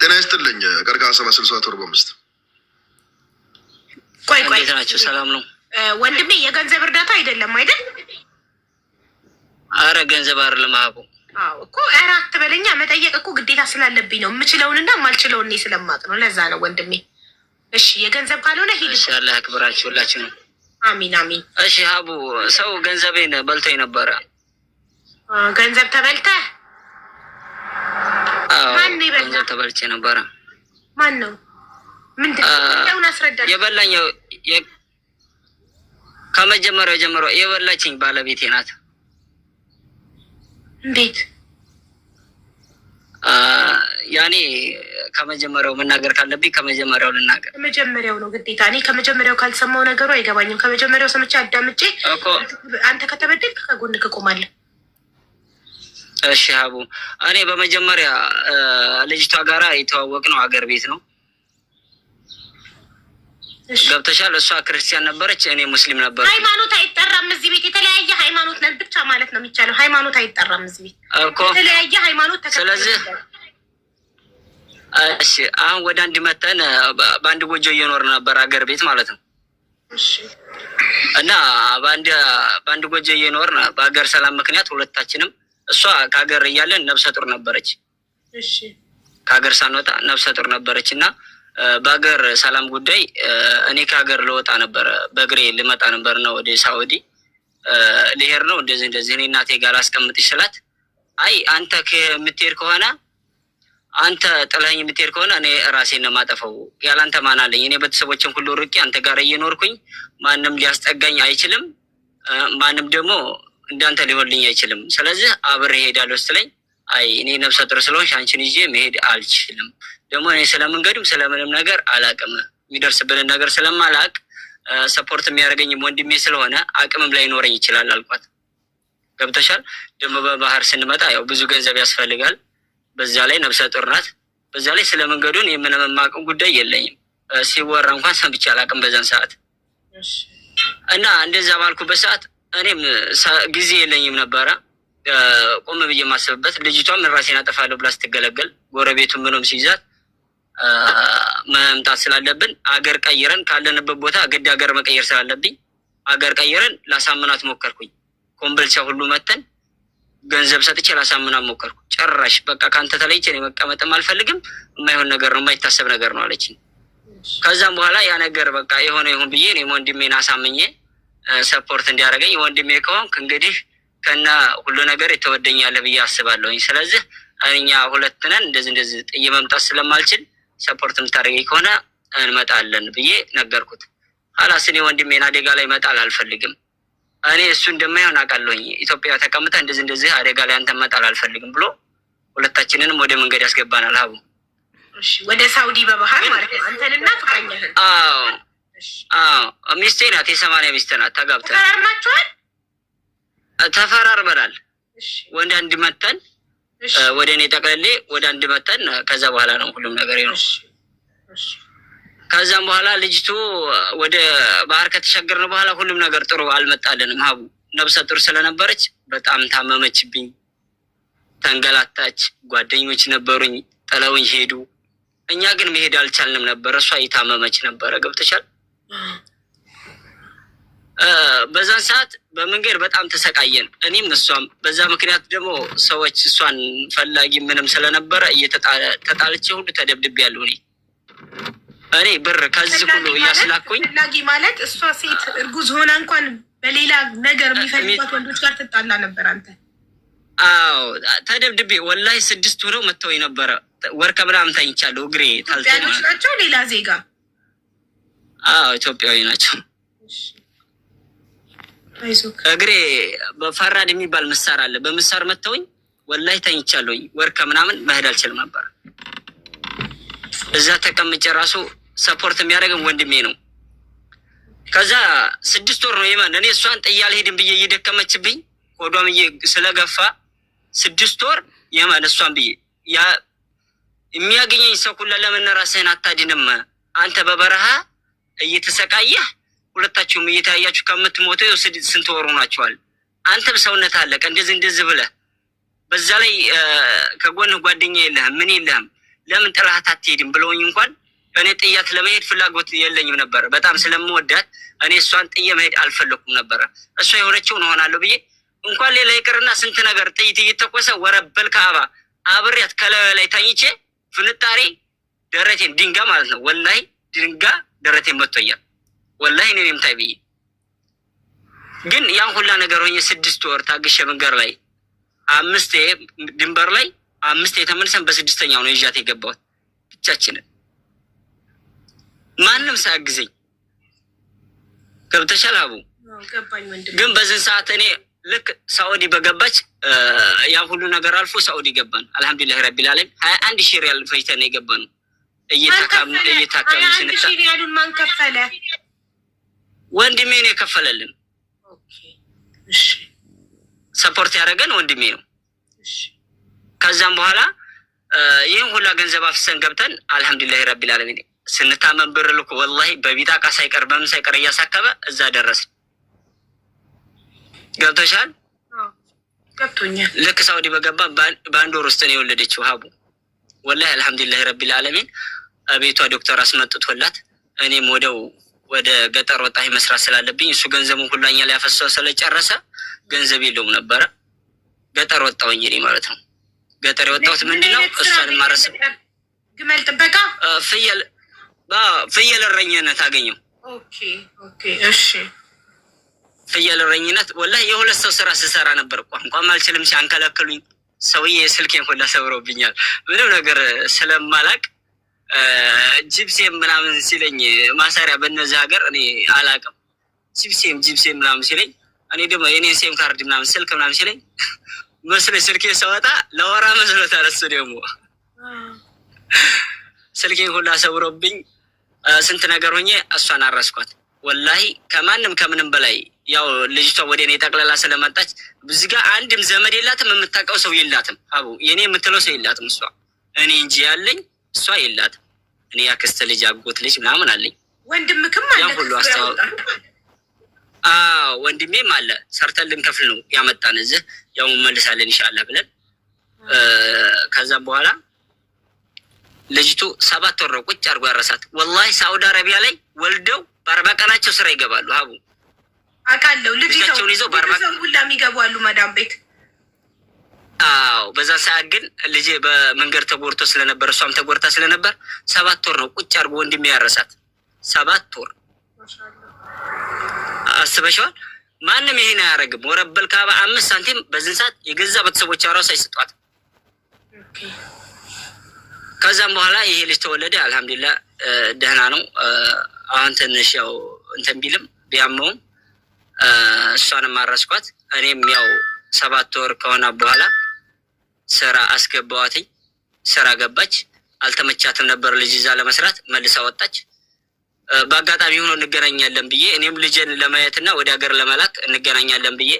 ጤና ይስጥልኝ። ቀርቀሃ ሰባ ስልሳ ወርቦ አምስት ቆይ ቆይ፣ ናቸው ሰላም ነው ወንድሜ። የገንዘብ እርዳታ አይደለም አይደል? አረ ገንዘብ አይደለም አቦ እኮ ኧረ አትበለኛ። መጠየቅ እኮ ግዴታ ስላለብኝ ነው። የምችለውንና ማልችለውን እኔ ስለማቅ ነው። ለዛ ነው ወንድሜ። እሺ የገንዘብ ካልሆነ ሂድ። አላህ ያክብራችሁ ሁላችንም። አሚን አሚን። እሺ አቡ ሰው ገንዘቤን በልቶ ነበረ። ገንዘብ ተበልተህ ተበልቼ ነበረ። ማን ነው? ምንድን ነው አስረዳኝ። ከመጀመሪያው ጀምሮ የበላችኝ ባለቤቴ ናት። እንዴት? ያኔ ከመጀመሪያው መናገር ካለብኝ ከመጀመሪያው ልናገር። ከመጀመሪያው ነው ግዴታ። እኔ ከመጀመሪያው ካልሰማው ነገሩ አይገባኝም። ከመጀመሪያው ሰምቼ አዳምጬ አንተ ከተበደልክ ከጎንህ እቆማለሁ። እሺ ሀቡ፣ እኔ በመጀመሪያ ልጅቷ ጋራ የተዋወቅ ነው ሀገር ቤት ነው ገብተሻል። እሷ ክርስቲያን ነበረች፣ እኔ ሙስሊም ነበር። ሃይማኖት አይጠራም እዚህ ቤት። የተለያየ ሃይማኖት ነን ብቻ ማለት ነው የሚቻለው። ሃይማኖት አይጠራም እዚህ ቤት እኮ የተለያየ ሃይማኖት። ስለዚህ እሺ፣ አሁን ወደ አንድ መተን በአንድ ጎጆ እየኖር ነበር ሀገር ቤት ማለት ነው እና በአንድ ጎጆ እየኖር በሀገር ሰላም ምክንያት ሁለታችንም እሷ ከሀገር እያለን ነብሰ ጡር ነበረች። ከሀገር ሳንወጣ ነብሰ ጡር ነበረች እና በሀገር ሰላም ጉዳይ እኔ ከሀገር ልወጣ ነበረ፣ በእግሬ ልመጣ ነበር ነው ወደ ሳውዲ ልሄድ ነው እንደዚህ እንደዚህ። እኔ እናቴ ጋር አስቀምጥ ስላት አይ አንተ የምትሄድ ከሆነ አንተ ጥለኝ የምትሄድ ከሆነ እኔ ራሴን ነው የማጠፋው። ያላንተ ማን አለኝ? እኔ ቤተሰቦችን ሁሉ ርቄ አንተ ጋር እየኖርኩኝ ማንም ሊያስጠጋኝ አይችልም። ማንም ደግሞ እንዳንተ ሊሆንልኝ አይችልም። ስለዚህ አብሬ እሄዳለሁ ስትለኝ አይ እኔ ነፍሰ ጡር ስለሆንሽ አንቺን ይዤ መሄድ አልችልም። ደግሞ እኔ ስለመንገዱም ስለምንም ነገር አላቅም። የሚደርስብንን ነገር ስለማላቅ ሰፖርት የሚያደርገኝም ወንድሜ ስለሆነ አቅምም ላይኖረኝ ይችላል አልኳት። ገብተሻል። ደግሞ በባህር ስንመጣ ያው ብዙ ገንዘብ ያስፈልጋል። በዛ ላይ ነፍሰ ጡር ናት። በዛ ላይ ስለ መንገዱን የምንመማቅም ጉዳይ የለኝም። ሲወራ እንኳን ሰምቼ አላቅም በዛን ሰዓት እና እንደዛ ባልኩበት ሰዓት እኔም ጊዜ የለኝም ነበረ ቆም ብዬ የማስብበት። ልጅቷም ራሴን አጠፋለሁ ብላ ስትገለገል ጎረቤቱ ምኖም ሲይዛት መምጣት ስላለብን አገር ቀይረን ካለንበት ቦታ ግድ ሀገር መቀየር ስላለብኝ አገር ቀይረን ላሳምናት ሞከርኩኝ። ኮምበልቻ ሁሉ መተን ገንዘብ ሰጥቼ ላሳምናት ሞከርኩ። ጭራሽ በቃ ከአንተ ተለይቼ መቀመጥም አልፈልግም፣ የማይሆን ነገር ነው፣ የማይታሰብ ነገር ነው አለችኝ። ከዛም በኋላ ያ ነገር በቃ የሆነ ይሁን ብዬ እኔም ወንድሜን አሳምኜ ሰፖርት እንዲያደርገኝ ወንድሜ ከሆንክ እንግዲህ ከና ሁሉ ነገር የተወደኛለህ ብዬ አስባለሁኝ። ስለዚህ እኛ ሁለት ነን፣ እንደዚህ እንደዚህ ጥዬ መምጣት ስለማልችል ሰፖርት የምታደርገኝ ከሆነ እንመጣለን ብዬ ነገርኩት። ኋላስ እኔ ወንድሜን አደጋ ላይ መጣል አልፈልግም። እኔ እሱ እንደማይሆን አውቃለሁኝ። ኢትዮጵያ ተቀምጠ እንደዚህ እንደዚህ አደጋ ላይ አንተ መጣል አልፈልግም ብሎ ሁለታችንንም ወደ መንገድ ያስገባናል። ሀቡ ወደ ሳውዲ በባህር ማለት ነው። አንተንና ፍቅረኛህን ሚስቴ ናት። የሰማንያ ሚስቴ ናት። ተጋብተን ተፈራርማችኋል? ተፈራርመናል። ወደ አንድ መተን ወደ እኔ ጠቅለሌ ወደ አንድ መተን ከዛ በኋላ ነው ሁሉም ነገር ነው። ከዛም በኋላ ልጅቱ ወደ ባህር ከተሻገርን በኋላ ሁሉም ነገር ጥሩ አልመጣልንም። ሀቡ ነብሰ ጡር ስለነበረች በጣም ታመመችብኝ፣ ተንገላታች። ጓደኞች ነበሩኝ፣ ጥለውኝ ሄዱ። እኛ ግን መሄድ አልቻልንም ነበር። እሷ ይታመመች ነበረ። ገብተሻል በዛን ሰዓት በመንገድ በጣም ተሰቃየን፣ እኔም እሷም። በዛ ምክንያት ደግሞ ሰዎች እሷን ፈላጊ ምንም ስለነበረ እየተጣልቼ ሁሉ ተደብድቤ ያለሁ እኔ እኔ ብር ከዚህ ሁሉ እያስላኩኝ ፈላጊ ማለት እሷ ሴት እርጉዝ ሆና እንኳን በሌላ ነገር የሚፈልጓት ወንዶች ጋር ትጣላ ነበር። አንተ? አዎ ተደብድቤ ወላሂ ስድስት ሆነው መጥተው ነበረ። ወር ከምናምን ተኝቻለሁ። እግሬ ታልተናል። ናቸው ሌላ ዜጋ አዎ ኢትዮጵያዊ ናቸው። እግሬ በፈራድ የሚባል ምሳር አለ። በምሳር መተውኝ ወላይ ተኝቻለሁኝ። ወርከ ምናምን መሄድ አልችልም ነበር። እዛ ተቀምጬ ራሱ ሰፖርት የሚያደርግም ወንድሜ ነው። ከዛ ስድስት ወር ነው የመን እኔ እሷን ጥዬ አልሄድም ብዬ እየደከመችብኝ ሆዷም ስለገፋ ስድስት ወር የመን እሷን ብዬ የሚያገኘኝ ሰው ሁላ ለምን ራስህን አታድንም አንተ በበረሃ እየተሰቃየህ ሁለታችሁም እየተያያችሁ ከምትሞቱ ስንት ወሩ ናቸዋል። አንተም ሰውነት አለቀ እንደዚህ እንደዚህ ብለህ በዛ ላይ ከጎንህ ጓደኛ የለህም ምን የለህም። ለምን ጥላህት አትሄድም ብለውኝ እንኳን እኔ ጥያት ለመሄድ ፍላጎት የለኝም ነበረ። በጣም ስለምወዳት እኔ እሷን ጥዬ መሄድ አልፈለኩም ነበረ። እሷ የሆነችውን እሆናለሁ ብዬ እንኳን ሌላ ይቅርና ስንት ነገር ጥይት እየተኮሰ ወረበል ከአባ አብሬያት ከላዩ ላይ ተኝቼ ፍንጣሬ ደረቴን ድንጋ ማለት ነው ወላይ ድንጋ ደረቴ መጥቶኛል። ወላሂ እኔ የምታይ ብዬ ግን ያን ሁላ ነገር ሆኜ ስድስት ወር ታግሼ መንገድ ላይ አምስቴ ድንበር ላይ አምስቴ ተመልሰን በስድስተኛው ነው ይዣት የገባሁት ብቻችንን ማንም ሳያግዘኝ ገብተሻል አቡ ግን በዚህን ሰዓት እኔ ልክ ሳኡዲ በገባች ያ ሁሉ ነገር አልፎ ሳኡዲ ገባን። አልሐምዱሊላህ ረቢል ዓለሚን ሀያ አንድ ሺህ ሪያል ፈጅተን የገባነው እየታከምን ያሉን ማን ከፈለ? ወንድሜ ነው የከፈለልን። ሰፖርት ያደረገን ወንድሜ ነው። ከዛም በኋላ ይህን ሁላ ገንዘብ አፍሰን ገብተን አልሐምዱሊላህ ረቢል ዓለሚን ስንታመን ብር ልኩ ወላሂ በቢጣቃ ሳይቀር በምን ሳይቀር እያሳከበ እዛ ደረስን። ገብቶሻል? ገብቶኛል። ልክ ሳውዲ በገባ በአንድ ወር ውስጥ ነው የወለደችው ሀቡ። ወላሂ አልሐምዱሊላህ ረቢል ዓለሚን ቤቷ ዶክተር አስመጥቶላት እኔም ወደው ወደ ገጠር ወጣ መስራት ስላለብኝ እሱ ገንዘቡ ሁላኛ ላይ ያፈሰው ስለጨረሰ ገንዘብ የለውም ነበረ። ገጠር ወጣውኝ እኔ ማለት ነው። ገጠር የወጣሁት ምንድን ነው? እሷን ማረስ ግመል ጥበቃ፣ ፍየል ፍየል እረኝነት አገኘው። ፍየል እረኝነት ወላሂ የሁለት ሰው ስራ ስሰራ ነበር። ቋንቋም አልችልም፣ ሲያንከለክሉኝ ሰውዬ ስልኬን ሁላ ሰብረውብኛል። ምንም ነገር ስለማላቅ ጂፕሴም ምናምን ሲለኝ ማሰሪያ በነዚህ ሀገር እኔ አላቅም። ጂፕሴም ጂፕሴም ምናምን ሲለኝ እኔ ደግሞ የኔ ሴም ካርድ ምናምን ስልክ ምናምን ሲለኝ መስለ ስልኬ ሰወጣ ለወራ መስሎት አለሱ ደግሞ ስልኬን ሁላ ሰብሮብኝ ስንት ነገር ሆኜ እሷን አረስኳት። ወላሂ ከማንም ከምንም በላይ ያው ልጅቷ ወደ እኔ ጠቅላላ ስለመጣች ብዙ ጋ አንድም ዘመድ የላትም፣ የምታውቀው ሰው የላትም። አቡ የኔ የምትለው ሰው የላትም እሷ እኔ እንጂ ያለኝ እሷ የላት እኔ ያክስት ልጅ አጎት ልጅ ምናምን አለኝ። ወንድምክም አለ ሁሉ ወንድሜም አለ። ሰርተን ልንከፍል ነው ያመጣን እዚህ ያው መልሳለን ይሻላ ብለን ከዛም በኋላ ልጅቱ ሰባት ወር ቁጭ አድርጎ ያረሳት። ወላሂ ሳውዲ አረቢያ ላይ ወልደው በአርባ ቀናቸው ስራ ይገባሉ። ሀቡ አውቃለሁ። ልጅቸውን ይዘው በአርባ ቀን ሁላ የሚገቡ አሉ መዳም ቤት አዎ በዛ ሰዓት ግን ልጄ በመንገድ ተጎድቶ ስለነበር እሷም ተጎድታ ስለነበር ሰባት ወር ነው ቁጭ አድርጎ ወንድ ያረሳት። ሰባት ወር አስበሽዋል። ማንም ይሄን አያደርግም። ወረበል ካባ አምስት ሳንቲም በዚህን ሰዓት የገዛ ቤተሰቦች ራሱ አይሰጧት። ከዛም በኋላ ይሄ ልጅ ተወለደ። አልሐምዱላ ደህና ነው። አሁን ትንሽ ያው እንትን ቢልም ቢያመውም እሷንም አረስኳት። እኔም ያው ሰባት ወር ከሆነ በኋላ ስራ አስገባዋትኝ። ስራ ገባች። አልተመቻትም ነበር ልጅ ይዛ ለመስራት መልሳ ወጣች። በአጋጣሚ ሆኖ እንገናኛለን ብዬ እኔም ልጄን ለማየትና ወደ ሀገር ለመላክ እንገናኛለን ብዬ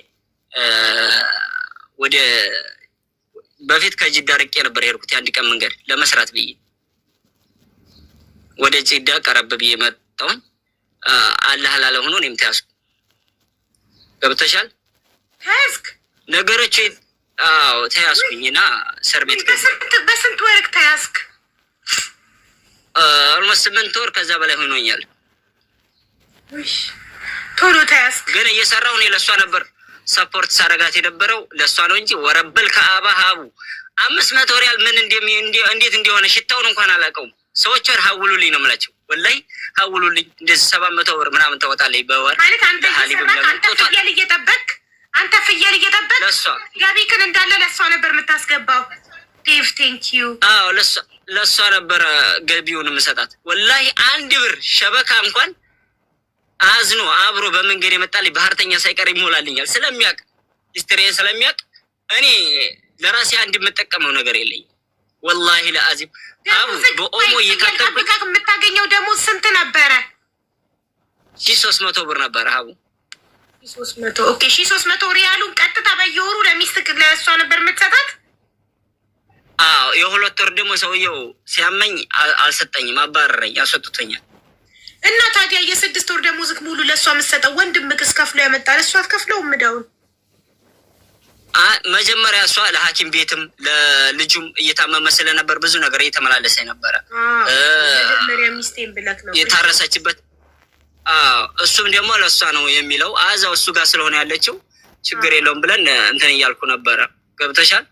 ወደ በፊት ከጅዳ ርቄ ነበር የሄድኩት የአንድ ቀን መንገድ ለመስራት ብዬ ወደ ጅዳ ቀረብ ብዬ መጣሁኝ። አላህ ላለ ሆኖ እኔም ተያዝኩ። ገብተሻል ነገሮች አዎ ተያዝኩኝ እና እስር ቤት በስንት ወር ተያዝክ? ኦልሞስት ስምንት ወር ከዛ በላይ ሆኖኛል። ቶሎ ተያዝክ። ግን እየሰራሁ እኔ ለእሷ ነበር ሰፖርት ሳረጋት የነበረው ለእሷ ነው እንጂ ወረበል ከአባ ሀቡ አምስት መቶ ሪያል ምን እንዴት እንደሆነ ሽታውን እንኳን አላውቀውም። ሰዎች ወር ሀውሉልኝ ነው የምላቸው ወላይ ሀውሉልኝ እንደዚህ ሰባት መቶ ብር ምናምን ተወጣለኝ በወር ማለት አንተ ሰባት አንተ እየጠበቅ አንተ ፍየል እየጠበቅ ገቢክን እንዳለ ለእሷ ነበር የምታስገባው። ዴቭ ቴንክ ዩ። አዎ ለእሷ ነበረ ገቢውን የምሰጣት። ወላሂ አንድ ብር ሸበካ እንኳን አዝኖ አብሮ በመንገድ የመጣልኝ ባህርተኛ ሳይቀር ይሞላልኛል። ስለሚያቅ ሂስትሪን ስለሚያቅ እኔ ለራሴ አንድ የምጠቀመው ነገር የለኝ። ወላሂ ለአዚም በኦሞ እየታጠብቅ የምታገኘው ደግሞ ስንት ነበረ? ሺህ ሶስት መቶ ብር ነበረ ሀቡ ሶስት መቶ ኦኬ ሺ ሶስት መቶ ሪያሉን ቀጥታ በየወሩ ለሚስት ለእሷ ነበር የምትሰጣት። አዎ የሁለት ወር ደግሞ ሰውየው ሲያመኝ አልሰጠኝም፣ አባረረኝ፣ አስወጥቶኛል። እና ታዲያ የስድስት ወር ደሞዝክ ሙሉ ለእሷ የምትሰጠው ወንድምክ እስከፍሎ ያመጣል፣ እሷ አትከፍለውም። ምዳውን መጀመሪያ እሷ ለሐኪም ቤትም ለልጁም እየታመመ ስለነበር ብዙ ነገር እየተመላለሰ ነበረ። የታረሰችበት እሱም ደግሞ ለእሷ ነው የሚለው አዛው እሱ ጋር ስለሆነ ያለችው ችግር የለውም ብለን እንትን እያልኩ ነበረ። ገብተሻል?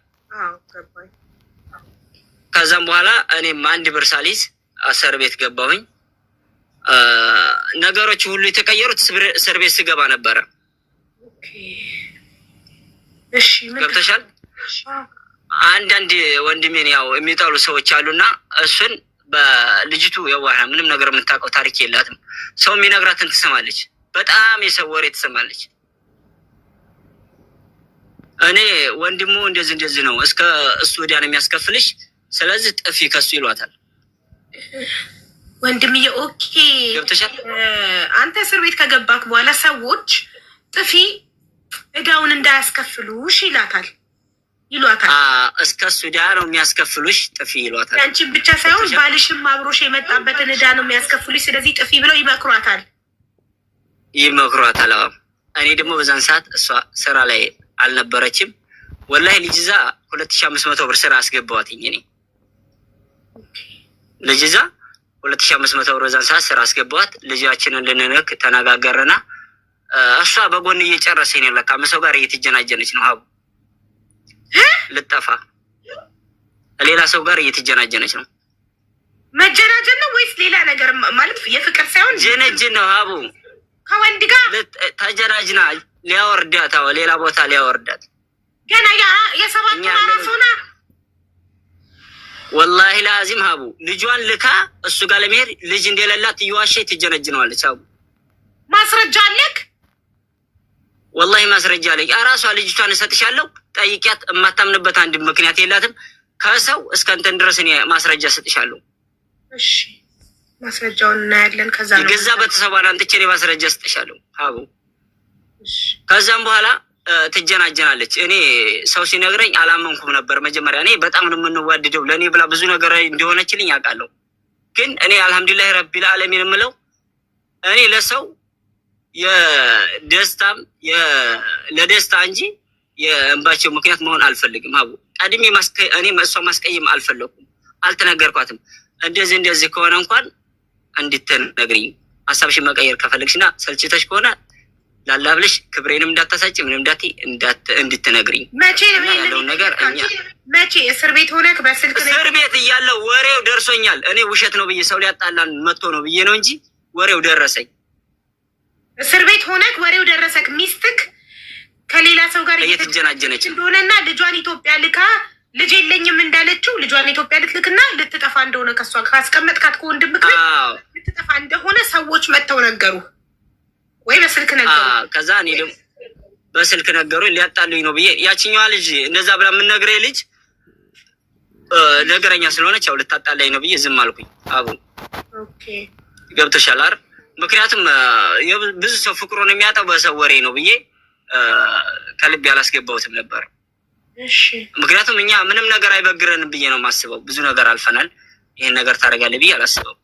ከዛም በኋላ እኔም አንድ ብር አሰር እስር ቤት ገባሁኝ። ነገሮች ሁሉ የተቀየሩት እስር ቤት ስገባ ነበረ። ገብተሻል? አንዳንድ ወንድሜን ያው የሚጠሉ ሰዎች አሉና እሱን በልጅቱ የዋህ ምንም ነገር የምታውቀው ታሪክ የላትም። ሰው የሚነግራትን ትሰማለች። በጣም የሰው ወሬ ትሰማለች። እኔ ወንድሙ እንደዚህ እንደዚህ ነው እስከ እሱ ነው የሚያስከፍልሽ ስለዚህ ጥፊ ከሱ ይሏታል። ወንድምዬ ኦኬ አንተ እስር ቤት ከገባክ በኋላ ሰዎች ጥፊ እዳውን እንዳያስከፍሉሽ ይላታል። ይሏታል። እስከ እሱ ነው የሚያስከፍሉሽ ጥፊ ይሏታል። ያንቺን ብቻ ሳይሆን ባልሽም አብሮሽ የመጣበትን እዳ ነው የሚያስከፍሉሽ፣ ስለዚህ ጥፊ ብለው ይመክሯታል ይመክሯታል። እኔ ደግሞ በዛን ሰዓት እሷ ስራ ላይ አልነበረችም። ወላሂ ልጅ እዛ ሁለት አምስት መቶ ብር ስራ አስገባዋትኝ። እኔ ልጅዛ ሁለት አምስት መቶ ብር በዛን ሰዓት ስራ አስገባዋት። ልጃችንን ልንንክ ተነጋገርና እሷ በጎን እየጨረሰኝ ነው። ለካ ጋር እየተጀናጀነች ነው ሀቡ ልጠፋ ሌላ ሰው ጋር እየተጀናጀነች ነው። መጀናጀን ነው ወይስ ሌላ ነገር ማለት የፍቅር ሳይሆን ጀነጅን ነው? አቡ ከወንድ ጋር ተጀናጅና ሊያወርዳት፣ አዎ ሌላ ቦታ ሊያወርዳት ገና የሰባት ራስ ወላሂ ለአዚም ሀቡ ልጇን ልካ እሱ ጋር ለመሄድ ልጅ እንደሌላት እየዋሸ ትጀነጅነዋለች። አቡ ማስረጃ አለክ? ወላሂ ማስረጃ አለኝ። እራሷ ልጅቷን እሰጥሻለሁ። ጠይቂያት። የማታምንበት አንድ ምክንያት የላትም። ከሰው እስከ እንትን ድረስ እኔ ማስረጃ እሰጥሻለሁ። እሺ ማስረጃውን እናያለን። ከዛ ነው ገዛ በተሰባን አንጥቼ እኔ ማስረጃ እሰጥሻለሁ። አቡ ከዛም በኋላ ትጀናጀናለች። እኔ ሰው ሲነግረኝ አላመንኩም ነበር መጀመሪያ። እኔ በጣም ነው የምንዋድደው ለእኔ ብላ ብዙ ነገር እንደሆነችልኝ አውቃለሁ። ግን እኔ አልሐምዱሊላህ ረቢል አለሚን የምለው እኔ ለሰው የደስታም ለደስታ እንጂ የእንባቸው ምክንያት መሆን አልፈልግም። ሀቡ ቀድሜ እኔ እሷ ማስቀይም አልፈለኩም፣ አልተነገርኳትም። እንደዚህ እንደዚህ ከሆነ እንኳን እንድትነግሪኝ ሀሳብሽን መቀየር ከፈለግሽና ሰልችተሽ ከሆነ ላላብልሽ ክብሬንም እንዳታሳጭ ምንም እንዳት እንድትነግሪኝ ያለውን ነገር መቼ እስር ቤት ሆነ በስልክ እስር ቤት እያለው ወሬው ደርሶኛል። እኔ ውሸት ነው ብዬ ሰው ሊያጣላን መጥቶ ነው ብዬ ነው እንጂ ወሬው ደረሰኝ። እስር ቤት ሆነክ ወሬው ደረሰክ ሚስትክ ከሌላ ሰው ጋር እየተጀናጀነች እንደሆነና ልጇን ኢትዮጵያ ልካ ልጅ የለኝም እንዳለችው ልጇን ኢትዮጵያ ልትልክና ልትጠፋ እንደሆነ ከሷ ካስቀመጥካት ከወንድም ምክር ልትጠፋ እንደሆነ ሰዎች መጥተው ነገሩ ወይ በስልክ ነገሩ። ከዛ እኔ ደግሞ በስልክ ነገሩ ሊያጣሉኝ ነው ብዬ ያችኛዋ ልጅ እንደዛ ብላ የምነግረ ልጅ ነገረኛ ስለሆነች ያው ልታጣላኝ ነው ብዬ ዝም አልኩኝ። አቡ ገብቶሻል አይደል? ምክንያቱም ብዙ ሰው ፍቅሩን የሚያጣው በሰው ወሬ ነው ብዬ ከልብ ያላስገባሁትም ነበር። ምክንያቱም እኛ ምንም ነገር አይበግረንም ብዬ ነው የማስበው። ብዙ ነገር አልፈናል። ይህን ነገር ታደርጋለህ ብዬ አላስበው።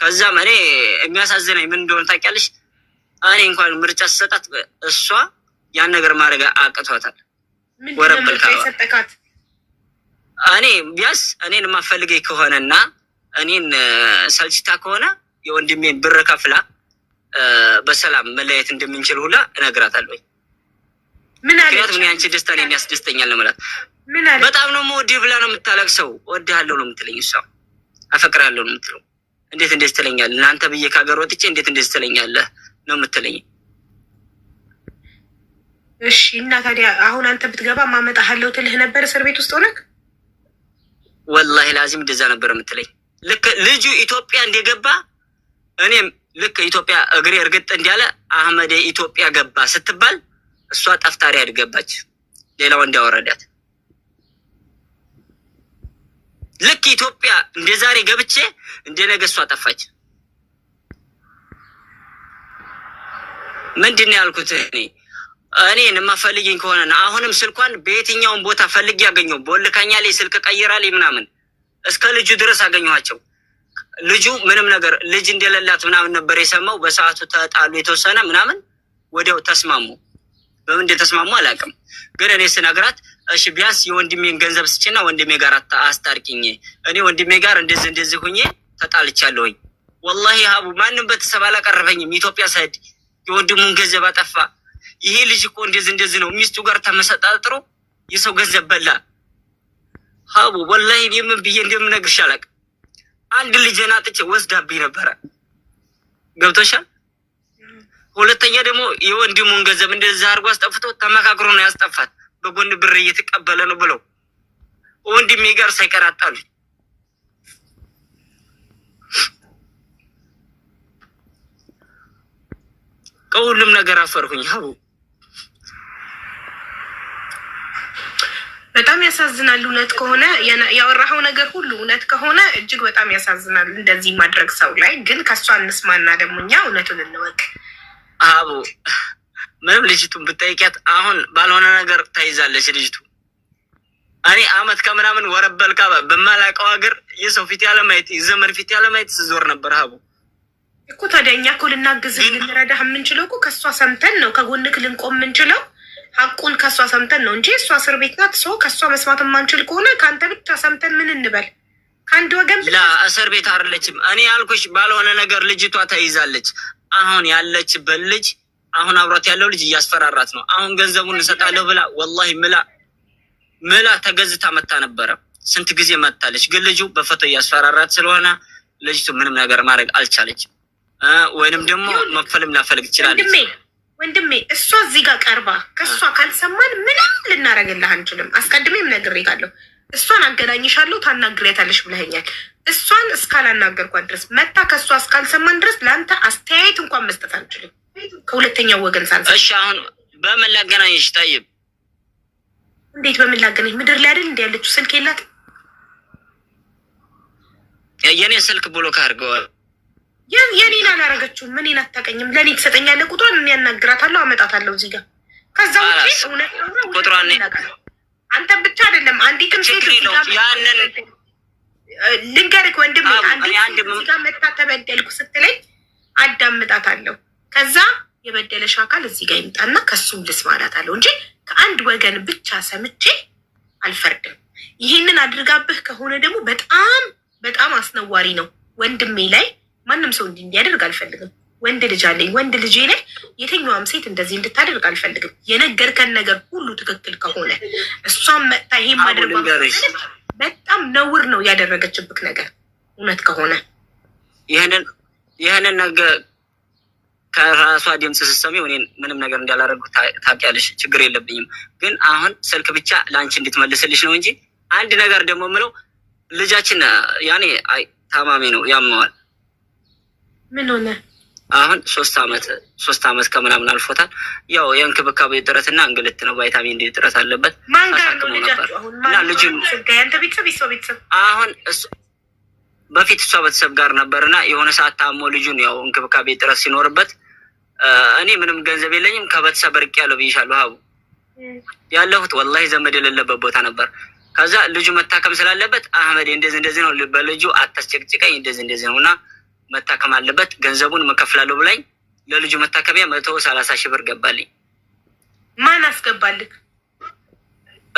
ከዛም እኔ የሚያሳዝነኝ ምን እንደሆነ ታውቂያለሽ? እኔ እንኳን ምርጫ ስሰጣት እሷ ያን ነገር ማድረግ አቅቷታል። ወረበልካ እኔ ቢያስ እኔን የማፈልገኝ ከሆነና እኔን ሰልችታ ከሆነ የወንድሜን ብር ከፍላ በሰላም መለየት እንደምንችል ሁላ እነግራታለሁ። ምክንያቱም እኔ አንቺ ደስታ እኔን የሚያስደስተኛል ለመላት በጣም ነው የምወድህ ብላ ነው የምታለቅሰው። እወድሃለሁ ነው የምትለኝ፣ እሷ አፈቅርሃለሁ ነው የምትለው። እንዴት እንደዚህ ትለኛለህ? ለአንተ ብዬ ከሀገር ወጥቼ እንዴት እንደዚህ ትለኛለህ ነው የምትለኝ። እሺ እና ታዲያ አሁን አንተ ብትገባ ማመጣሃለሁ ትልህ ነበር እስር ቤት ውስጥ ሆነህ? ወላሂ ላዚም እንደዛ ነበር የምትለኝ። ልክ ልጁ ኢትዮጵያ እንደገባ እኔም ልክ ኢትዮጵያ እግሬ እርግጥ እንዲያለ አህመድ ኢትዮጵያ ገባ ስትባል እሷ ጠፍጣሪ አድገባች፣ ሌላው እንዲያወረዳት ልክ ኢትዮጵያ እንደ ዛሬ ገብቼ እንደ ነገ እሷ ጠፋች። ምንድን ነው ያልኩት? እኔ እኔን የማፈልግኝ ከሆነ አሁንም ስልኳን በየትኛውን ቦታ ፈልጌ ያገኘው ቦልካኛ ላይ ስልክ ቀይራ ላይ ምናምን እስከ ልጁ ድረስ አገኘኋቸው። ልጁ ምንም ነገር ልጅ እንደሌላት ምናምን ነበር የሰማው። በሰዓቱ ተጣሉ የተወሰነ ምናምን፣ ወዲያው ተስማሙ። በምን እንደተስማሙ አላውቅም፣ ግን እኔ ስነግራት እሺ ቢያንስ የወንድሜን ገንዘብ ስጭና ወንድሜ ጋር አስታርቂኝ፣ እኔ ወንድሜ ጋር እንደዚህ እንደዚህ ሁኜ ተጣልቻለሁኝ። ወላሂ ሀቡ ማንም ቤተሰብ አላቀረበኝም። ኢትዮጵያ ሰድ የወንድሙን ገንዘብ አጠፋ። ይሄ ልጅ እኮ እንደዚህ እንደዚህ ነው። ሚስቱ ጋር ተመሰጣጥሮ የሰው ገንዘብ በላ። ሀቡ ወላሂ የምን ብዬ እንደምነግርሽ አላውቅም። አንድ ልጄን አጥቼ ወስዳብኝ ነበረ። ገብቶሻል። ሁለተኛ ደግሞ የወንድሙን ገንዘብ እንደዛ አድርጎ አስጠፍቶ ተመካክሮ ነው ያስጠፋት። በጎን ብር እየተቀበለ ነው ብለው ወንድሜ ጋር ሳይቀራጣሉ ከሁሉም ነገር አፈርሁኝ ሀቡ በጣም ያሳዝናል። እውነት ከሆነ ያወራኸው ነገር ሁሉ እውነት ከሆነ እጅግ በጣም ያሳዝናል። እንደዚህ ማድረግ ሰው ላይ ግን ከእሷ እንስማና ደግሞ እኛ እውነቱን እንወቅ። አቡ ምንም ልጅቱን ብጠይቂያት አሁን ባልሆነ ነገር ተይዛለች ልጅቱ። እኔ አመት ከምናምን ወረበልካ በማላውቀው ሀገር የሰው ፊት ያለማየት የዘመን ፊት ያለማየት ስዞር ነበር ሀቡ እኮ ታዲያ እኛ እኮ ልናግዝህ ልንረዳህ የምንችለው እኮ ከእሷ ሰምተን ነው ከጎንክ ልንቆም የምንችለው ሀቁን ከእሷ ሰምተን ነው እንጂ እሷ እስር ቤት ናት። ሰው ከእሷ መስማት የማንችል ከሆነ ከአንተ ብቻ ሰምተን ምን እንበል? ከአንድ ወገን ብቻ እስር ቤት አይደለችም። እኔ ያልኩሽ ባልሆነ ነገር ልጅቷ ተይዛለች። አሁን ያለችበት ልጅ አሁን አብሯት ያለው ልጅ እያስፈራራት ነው። አሁን ገንዘቡን እንሰጣለሁ ብላ ወላሂ ምላ ምላ ተገዝታ መታ ነበረ። ስንት ጊዜ መታለች፣ ግን ልጁ በፎቶ እያስፈራራት ስለሆነ ልጅቱ ምንም ነገር ማድረግ አልቻለችም። ወይንም ደግሞ መፈልም ላፈልግ ትችላለች። ወንድሜ እሷ እዚህ ጋር ቀርባ ከእሷ ካልሰማን ምንም ልናረግልህ አንችልም። አስቀድሜም ነግሬሃለሁ። እሷን አገናኝሻለሁ ታናግሪያታለሽ ብለኸኛል። እሷን እስካላናገርኳት ድረስ መታ ከእሷ እስካልሰማን ድረስ ለአንተ አስተያየት እንኳን መስጠት አንችልም፣ ከሁለተኛው ወገን ሳንሰማ። እሺ አሁን በምን ላገናኝሽ? ጠይብ እንዴት በምን ላገናኝ? ምድር ላይ አይደል እንዲ ያለችው ስልክ የላት የኔ ስልክ ብሎ ካርገዋል ያን የኔን አላረገችውም። እኔን አታውቀኝም። ለእኔ ትሰጠኛለህ ቁጥሯን፣ እኔ ያናግራታለሁ፣ አመጣታለሁ እዚህ ጋር። ከዛ ውጭ እውነት አንተ ብቻ አይደለም አንዲትም ሴት ያንን ልንገርህ ወንድም፣ አንዲት ጋር መታ ተበደልኩ ስትለኝ አዳምጣታለሁ። ከዛ የበደለሽ አካል እዚህ ጋር ይምጣና ከሱም ልስማ አለው እንጂ ከአንድ ወገን ብቻ ሰምቼ አልፈርድም። ይህንን አድርጋብህ ከሆነ ደግሞ በጣም በጣም አስነዋሪ ነው ወንድሜ ላይ ማንም ሰው እንዲህ እንዲያደርግ አልፈልግም። ወንድ ልጅ አለኝ። ወንድ ልጄ ላይ የትኛዋም ሴት እንደዚህ እንድታደርግ አልፈልግም። የነገርከን ነገር ሁሉ ትክክል ከሆነ እሷም መጥታ ይሄ ማድረግ በጣም ነውር ነው ያደረገችብክ ነገር እውነት ከሆነ ይህንን ነገር ከራሷ ድምፅ ስትሰሚው እኔን ምንም ነገር እንዳላደረጉ ታውቂያለሽ። ችግር የለብኝም። ግን አሁን ስልክ ብቻ ለአንቺ እንድትመልስልሽ ነው እንጂ አንድ ነገር ደግሞ ምለው ልጃችን ያኔ ታማሚ ነው ያመዋል ምን ሆነ? አሁን ሶስት አመት ሶስት አመት ከምናምን አልፎታል። ያው የእንክብካቤ እጥረት እና እንግልት ነው። ቫይታሚን ዲ እጥረት አለበት። አሁን በፊት እሷ ቤተሰብ ጋር ነበር እና የሆነ ሰዓት ታሞ ልጁን ያው እንክብካቤ እጥረት ሲኖርበት እኔ ምንም ገንዘብ የለኝም ከቤተሰብ ርቅ ያለው ብይሻሉ ሀቡ ያለሁት ወላሂ ዘመድ የሌለበት ቦታ ነበር። ከዛ ልጁ መታከም ስላለበት አህመድ እንደዚህ እንደዚህ ነው በልጁ አታስጨቅጭቀኝ እንደዚህ እንደዚህ ነው እና መታከም አለበት፣ ገንዘቡን መከፍላለሁ ብላኝ ለልጁ መታከቢያ መቶ ሰላሳ ሺህ ብር ገባልኝ። ማን አስገባልህ?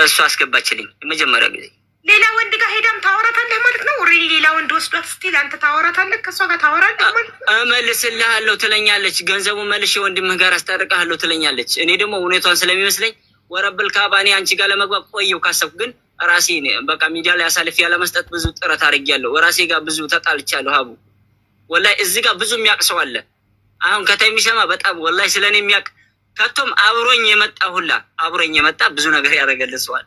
እሱ አስገባችልኝ። የመጀመሪያ ጊዜ ሌላ ወንድ ጋር ሄዳም ታወራታለህ ማለት ነው። ኦልሬዲ ሌላ ወንድ ወስዷት ስትል አንተ ታወራታለህ፣ ከእሷ ጋር ታወራለህ ማለት ነው። እመልስልሃለሁ ትለኛለች፣ ገንዘቡ መልሼ ወንድምህ ጋር አስታርቅሃለሁ ትለኛለች። እኔ ደግሞ ሁኔቷን ስለሚመስለኝ ወረብል ካባኔ አንቺ ጋር ለመግባብ ቆየው ካሰብኩ ግን ራሴ በቃ ሚዲያ ላይ አሳልፌ ያለመስጠት ብዙ ጥረት አድርጌያለሁ። ራሴ ጋር ብዙ ተጣልቻለሁ ሀቡ ወላይ እዚህ ጋር ብዙ የሚያውቅ ሰው አለ። አሁን ከታ የሚሰማ በጣም ወላይ ስለኔ የሚያውቅ ከቶም አብሮኝ የመጣ ሁላ አብሮኝ የመጣ ብዙ ነገር ያደረገልን ሰው አለ።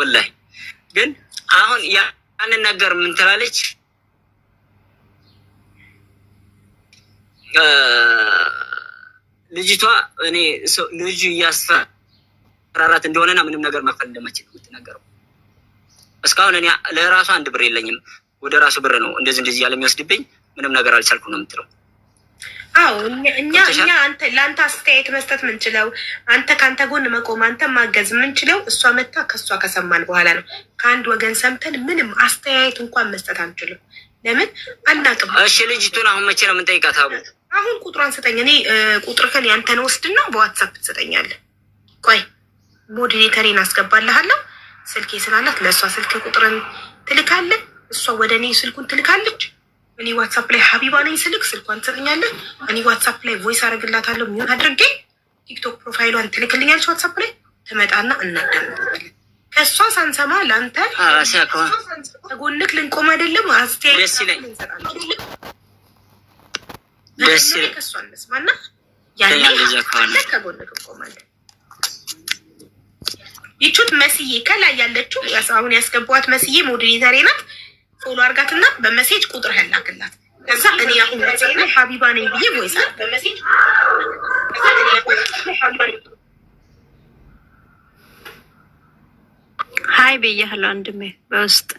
ወላይ ግን አሁን ያንን ነገር ምን ትላለች ልጅቷ? እኔ ልጁ እያስፈራራት እንደሆነና ምንም ነገር መክፈል እንደማችል የምትናገረው እስካሁን እኔ ለራሱ አንድ ብር የለኝም፣ ወደ ራሱ ብር ነው እንደዚህ እንደዚህ ያለ የሚወስድብኝ ምንም ነገር አልቻልኩ ነው የምትለው። አዎ እኛ እኛ አንተ ለአንተ አስተያየት መስጠት ምንችለው አንተ ከአንተ ጎን መቆም አንተ ማገዝ ምንችለው እሷ መታ ከእሷ ከሰማን በኋላ ነው። ከአንድ ወገን ሰምተን ምንም አስተያየት እንኳን መስጠት አንችልም። ለምን አናቅም። እሺ ልጅቱን አሁን መቼ ነው የምንጠይቃት? አቡ አሁን ቁጥሯን ስጠኝ። እኔ ቁጥርህን ያንተን ወስድና በዋትሳፕ ትሰጠኛለህ። ቆይ ሞዲሬተሬን አስገባልሃለሁ። ስልኬ ስላላት ለእሷ ስልክ ቁጥርን ትልካለህ። እሷ ወደ እኔ ስልኩን ትልካለች። እኔ ዋትሳፕ ላይ ሀቢባ ነኝ ስልክ ስልኳን ትሰጠኛለህ። እኔ ዋትሳፕ ላይ ቮይስ አደርግላታለሁ። ሚሆን አድርጌ ቲክቶክ ፕሮፋይሏን ትልክልኛለች። ዋትሳፕ ላይ ትመጣና እናዳምጣለን። ከእሷ ሳንሰማ ለአንተ ተጎንክ ልንቆም አይደለም። አስተያየት ከእሷ እንስማና ያለ ከጎንክ እንቆማለን። ይቹት መስዬ ከላይ ያለችው አሁን ያስገባዋት መስዬ ሞዴሬተሬ ናት። ፎሎ አርጋትና በመሴጅ ቁጥር ያላክላት ከዛ እኔ አሁን ሀቢባ ነኝ ብዬ ወይሳ በመሴጅ ሀይ ብያለሁ ወንድሜ በውስጥ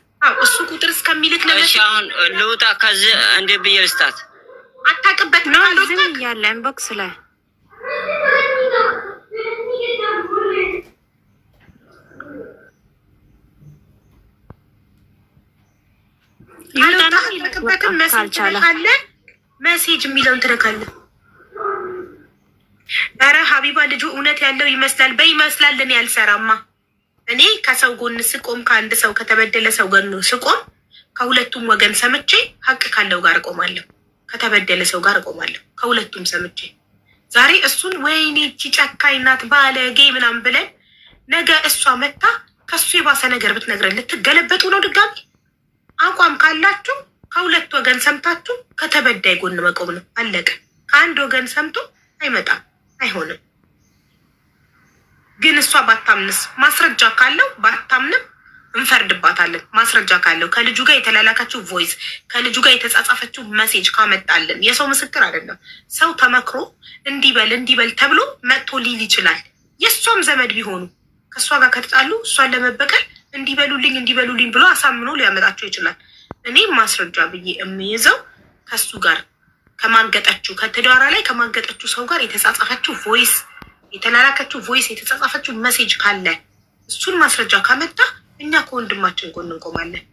እሱ ቁጥር እስከሚልክ ነው። አሁን ልውጣ ከዚህ እንዴ ብዬ ልስጣት አታውቅበት ነው ያለ ኢንቦክስ ላይ አልወጣበትም መስል አለ መሴጅ የሚለውን ትረካለ። ኧረ ሀቢባ ልጁ እውነት ያለው ይመስላል በይመስላል። እኔ ያልሰራማ እኔ ከሰው ጎን ስቆም ከአንድ ሰው ከተበደለ ሰው ጎን ስቆም ከሁለቱም ወገን ሰምቼ ሀቅ ካለው ጋር እቆማለሁ፣ ከተበደለ ሰው ጋር እቆማለሁ። ከሁለቱም ሰምቼ ዛሬ እሱን ወይኔ ይቺ ጨካኝ ናት ባለጌ ምናምን ብለን ነገ እሷ መታ ከሱ የባሰ ነገር ብትነግረን ልትገለበጡ ነው ድጋሚ አቋም ካላችሁ ከሁለት ወገን ሰምታችሁ ከተበዳይ ጎን መቆም ነው። አለቀ። ከአንድ ወገን ሰምቶ አይመጣም፣ አይሆንም። ግን እሷ ባታምንስ? ማስረጃ ካለው ባታምንም እንፈርድባታለን። ማስረጃ ካለው ከልጁ ጋር የተላላከችው ቮይስ፣ ከልጁ ጋር የተጻጻፈችው መሴጅ ካመጣልን የሰው ምስክር አይደለም። ሰው ተመክሮ እንዲበል እንዲበል ተብሎ መጥቶ ሊል ይችላል። የእሷም ዘመድ ቢሆኑ ከእሷ ጋር ከተጣሉ እሷን ለመበቀል እንዲበሉልኝ እንዲበሉልኝ ብሎ አሳምኖ ሊያመጣቸው ይችላል። እኔ ማስረጃ ብዬ የሚይዘው ከሱ ጋር ከማገጠችው ከተዳራ ላይ ከማገጠችው ሰው ጋር የተጻጻፈችው ቮይስ የተላላከችው ቮይስ የተጻጻፈችው መሴጅ ካለ እሱን ማስረጃ ካመጣ እኛ ከወንድማችን ጎን እንቆማለን።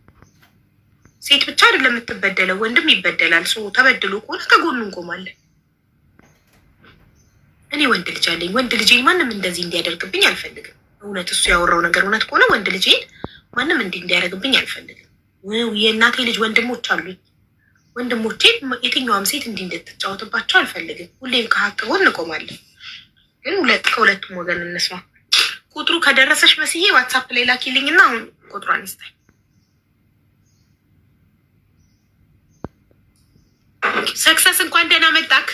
ሴት ብቻ አይደለም የምትበደለው፣ ወንድም ይበደላል። ሰው ተበድሎ ከሆነ ከጎኑ እንቆማለን። እኔ ወንድ ልጅ አለኝ። ወንድ ልጅ ማንም እንደዚህ እንዲያደርግብኝ አልፈልግም። እውነት እሱ ያወራው ነገር እውነት ከሆነ ወንድ ልጅን ማንም እንዲህ እንዲያደርግብኝ አልፈልግም። የእናቴ ልጅ ወንድሞች አሉኝ። ወንድሞቼን የትኛዋም ሴት እንዲህ እንድትጫወትባቸው አልፈልግም። ሁሌም ከሀቅ ጎን እንቆማለን። ግን ሁለት ከሁለቱም ወገን እንስማ። ቁጥሩ ከደረሰሽ መስዬ ዋትሳፕ ላይ ላኪልኝ እና አሁን ቁጥሩ አንስታኝ ሰክሰስ እንኳን ደህና መጣክ።